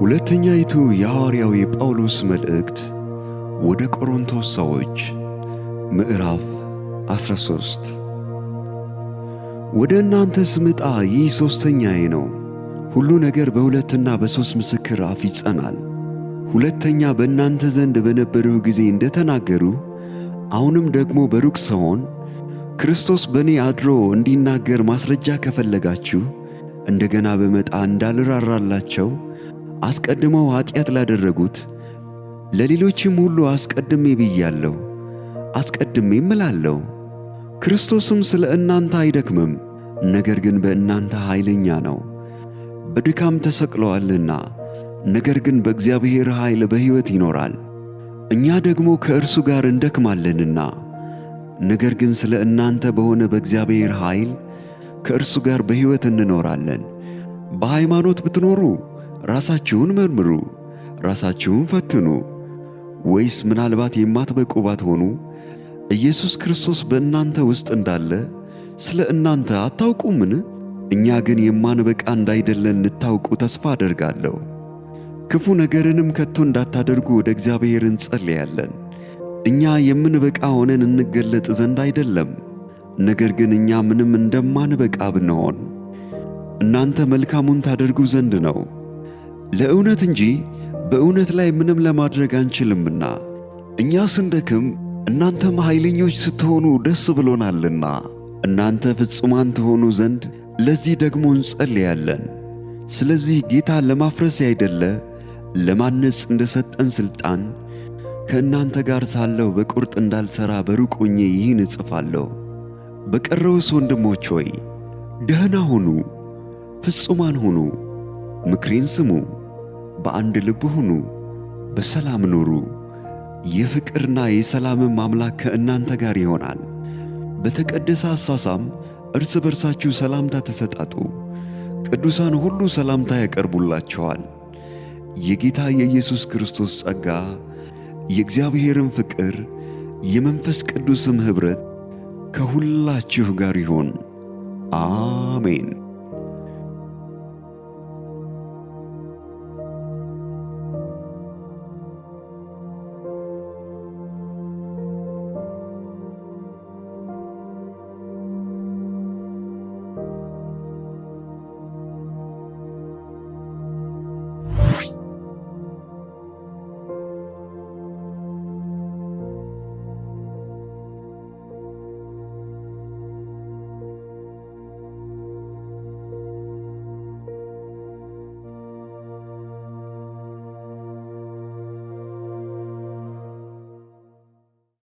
ሁለተኛይቱ የሐዋርያው የጳውሎስ መልእክት ወደ ቆሮንቶስ ሰዎች ምዕራፍ 13 ወደ እናንተ ስመጣ ይህ ሦስተኛዬ ነው። ሁሉ ነገር በሁለትና በሦስት ምስክር አፍ ይጸናል። ሁለተኛ በእናንተ ዘንድ በነበርሁ ጊዜ እንደ ተናገሩ አሁንም ደግሞ በሩቅ ስሆን ክርስቶስ በእኔ አድሮ እንዲናገር ማስረጃ ከፈለጋችሁ እንደገና በመጣ እንዳልራራላቸው አስቀድመው ኃጢአት ላደረጉት ለሌሎችም ሁሉ አስቀድሜ ብያለሁ፣ አስቀድሜ እምላለሁ። ክርስቶስም ስለ እናንተ አይደክምም፣ ነገር ግን በእናንተ ኃይለኛ ነው። በድካም ተሰቅለዋልና፣ ነገር ግን በእግዚአብሔር ኃይል በሕይወት ይኖራል። እኛ ደግሞ ከእርሱ ጋር እንደክማለንና፣ ነገር ግን ስለ እናንተ በሆነ በእግዚአብሔር ኃይል ከእርሱ ጋር በሕይወት እንኖራለን። በሃይማኖት ብትኖሩ ራሳችሁን መርምሩ፣ ራሳችሁን ፈትኑ። ወይስ ምናልባት የማትበቁ ባትሆኑ ኢየሱስ ክርስቶስ በእናንተ ውስጥ እንዳለ ስለ እናንተ አታውቁምን? እኛ ግን የማንበቃ እንዳይደለን እንድታውቁ ተስፋ አደርጋለሁ። ክፉ ነገርንም ከቶ እንዳታደርጉ ወደ እግዚአብሔር እንጸልያለን። እኛ የምንበቃ ሆነን እንገለጥ ዘንድ አይደለም፣ ነገር ግን እኛ ምንም እንደማንበቃ ብንሆን እናንተ መልካሙን ታደርጉ ዘንድ ነው። ለእውነት እንጂ በእውነት ላይ ምንም ለማድረግ አንችልምና እኛ ስንደክም እናንተም ኃይለኞች ስትሆኑ ደስ ብሎናልና እናንተ ፍጹማን ትሆኑ ዘንድ ለዚህ ደግሞ እንጸልያለን። ስለዚህ ጌታ ለማፍረስ ያይደለ ለማነጽ እንደሰጠን ሥልጣን ከእናንተ ጋር ሳለሁ በቁርጥ እንዳልሠራ በሩቅ ሆኜ ይህን እጽፋለሁ። በቀረውስ ወንድሞች ሆይ ደህና ሁኑ፣ ፍጹማን ሁኑ። ምክሬን ስሙ፣ በአንድ ልብ ሁኑ፣ በሰላም ኑሩ። የፍቅርና የሰላምም አምላክ ከእናንተ ጋር ይሆናል። በተቀደሰ አሳሳም እርስ በርሳችሁ ሰላምታ ተሰጣጡ። ቅዱሳን ሁሉ ሰላምታ ያቀርቡላችኋል። የጌታ የኢየሱስ ክርስቶስ ጸጋ የእግዚአብሔርን ፍቅር የመንፈስ ቅዱስም ኅብረት ከሁላችሁ ጋር ይሆን አሜን።